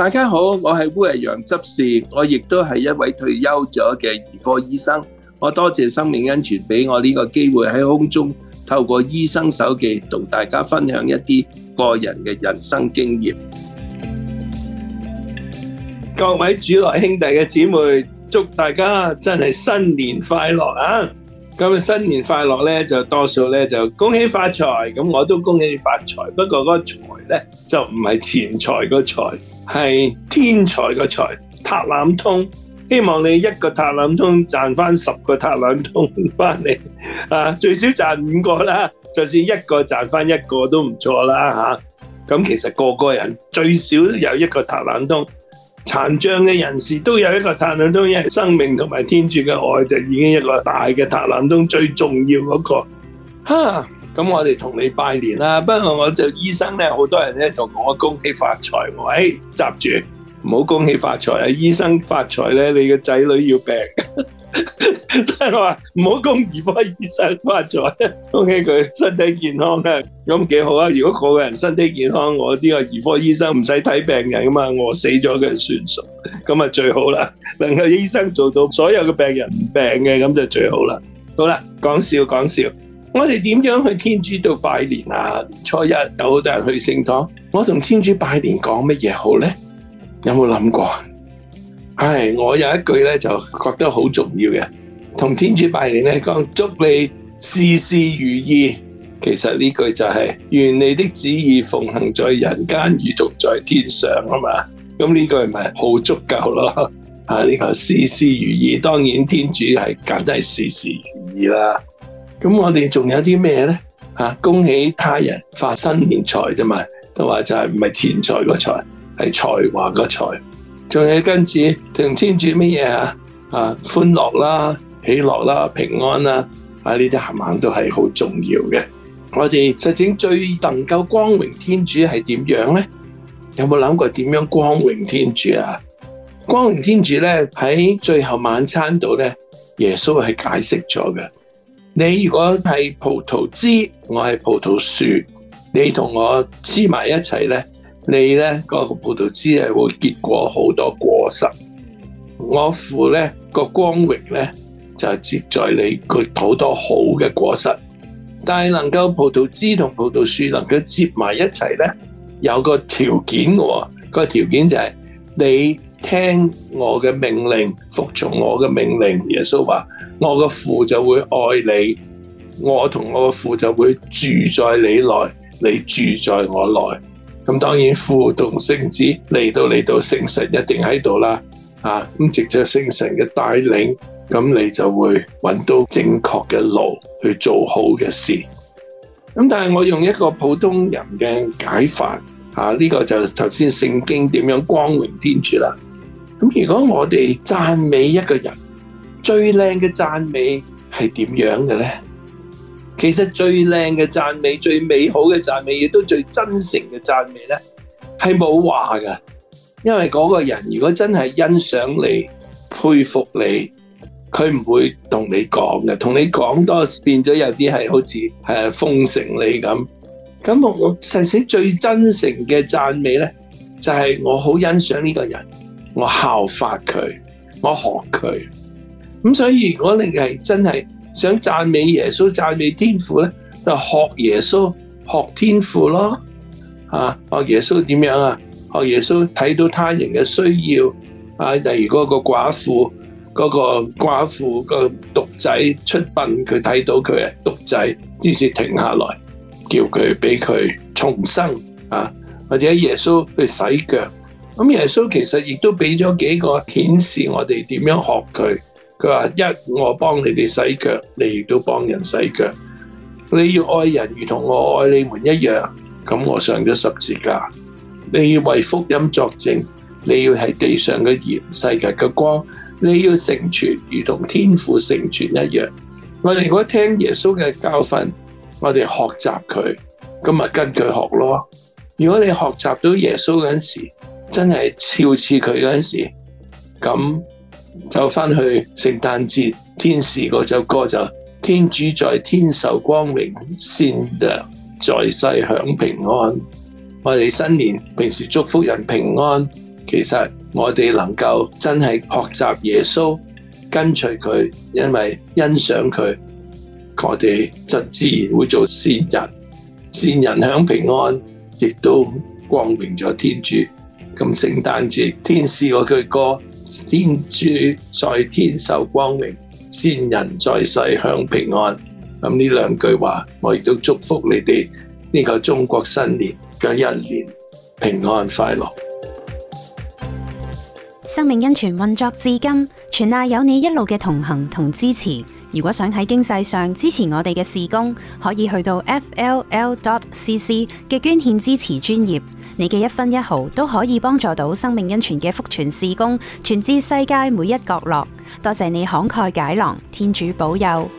大家好，我係烏羊執事，我亦都係一位退休咗嘅兒科醫生。我多謝生命恩泉俾我呢個機會喺空中透過醫生手記同大家分享一啲個人嘅人生經驗。各位主內兄弟嘅姊妹，祝大家真係新年快樂啊！咁新年快樂咧，就多數咧就恭喜發財，咁我都恭喜你發財。不過嗰個財咧就唔係錢財個財。係天才嘅才，塔冷通，希望你一個塔冷通賺翻十個塔冷通翻嚟啊！最少賺五個啦，就算一個賺翻一個都唔錯啦吓。咁、啊、其實個個人最少有一個塔冷通，殘障嘅人士都有一個塔冷通，因為生命同埋天主嘅愛就已經一個大嘅塔冷通，最重要嗰、那個吓。哈咁我哋同你拜年啦，不過我就醫生咧，好多人咧同我恭喜發財，我誒，閘、欸、住，唔好恭喜發財啊！醫生發財咧，你個仔女要病，即係話唔好恭喜兒科醫生發財，恭喜佢身體健康啊！咁幾好啊！如果個個人身體健康，我呢個兒科醫生唔使睇病人噶嘛，餓死咗佢算數，咁啊最好啦，能夠醫生做到所有嘅病人唔病嘅，咁就最好啦。好啦，講笑講笑。我哋點樣去天主度拜年啊？初一有好多人去聖堂，我同天主拜年講乜嘢好呢？有冇諗過？唉，我有一句呢就覺得好重要嘅，同天主拜年講，祝你事事如意。其實呢句就係願你的旨意奉行在人間，如同在天上吖嘛。噉呢句咪好足夠咯？啊，呢、這個事事如意，當然天主係真係事事如意啦咁我哋仲有啲咩咧？吓，恭喜他人發新年財啫嘛，都話就係唔係錢財個財，係才華個才。仲有跟住同天主乜嘢啊？啊，歡樂啦，喜樂啦，平安啦，啊呢啲冚唪唥都係好重要嘅。我哋實際最能夠光榮天主係點樣咧？有冇諗過點樣光榮天主啊？光榮天主咧喺最後晚餐度咧，耶穌係解釋咗嘅。你如果係葡萄枝，我係葡萄樹，你同我黐埋一齊咧，你咧、個葡萄枝係會結果好多果實，我父咧、個光榮咧就係接載你個好多好嘅果實，但係能夠葡萄枝同葡萄樹能夠接埋一齊咧，有個條件嘅、哦，個條件就係你。聽我嘅命令，服從我嘅命令。耶穌話：我嘅父就會愛你，我同我嘅父就會住在你內，你住在我內。咁當然父同聖子嚟到嚟到，聖神一定喺度啦。啊，咁藉著聖神嘅帶領，咁你就會揾到正確嘅路去做好嘅事。咁但係我用一個普通人嘅解法，啊，呢、這個就頭先聖經點樣光榮天主啦。咁如果我哋讚美一個人最靚嘅讚美係點樣嘅咧？其實最靚嘅讚美、最美好嘅讚美，亦都最真誠嘅讚美咧，係冇話㗎。因為嗰個人如果真係欣賞你、佩服你，佢唔會同你講嘅。同你講多變咗，有啲係好似係奉承你咁。咁我我甚至最真誠嘅讚美咧，就係我好欣賞呢個人。我效法佢，我學佢。咁所以，如果你係真係想讚美耶穌、讚美天父咧，就學耶穌、學天父咯。啊，學耶穌點樣啊？學耶穌睇到他人嘅需要啊，例如嗰個寡婦，嗰個寡婦、個獨仔出殯，佢睇到佢係獨仔，於是停下來叫佢俾佢重生啊，或者耶穌去洗腳。咁耶穌其實亦都俾咗幾個顯示我哋點樣學佢。佢話一，我幫你哋洗腳，你亦都幫人洗腳。你要愛人如同我愛你們一樣。咁我上咗十字架。你要為福音作證。你要係地上嘅鹽，世界嘅光。你要成全如同天父成全一樣。我哋如果聽耶穌嘅教訓，我哋學習佢，咁咪跟佢學咯。如果你學習到耶穌嗰陣時，真係肖似佢嗰陣時，咁就翻去聖誕節，天使嗰首歌就天主在天受光榮，善良在世享平安。我哋新年平時祝福人平安，其實我哋能夠真係學習耶穌，跟隨佢，因為欣賞佢，我哋就自然會做善人，善人享平安，亦都光榮咗天主。咁聖誕節，天使嗰句歌，天主在天受光榮，先人在世享平安。咁呢兩句話，我亦都祝福你哋呢、這個中國新年嘅一年平安快樂。生命恩泉運作至今，全賴有你一路嘅同行同支持，如果想喺經濟上支持我哋嘅事工，可以去到 fll.cc 嘅捐獻支持專業，你嘅一分一毫都可以幫助到生命恩泉嘅福傳事工，傳至世界每一角落。多謝你慷慨解囊，天主保佑。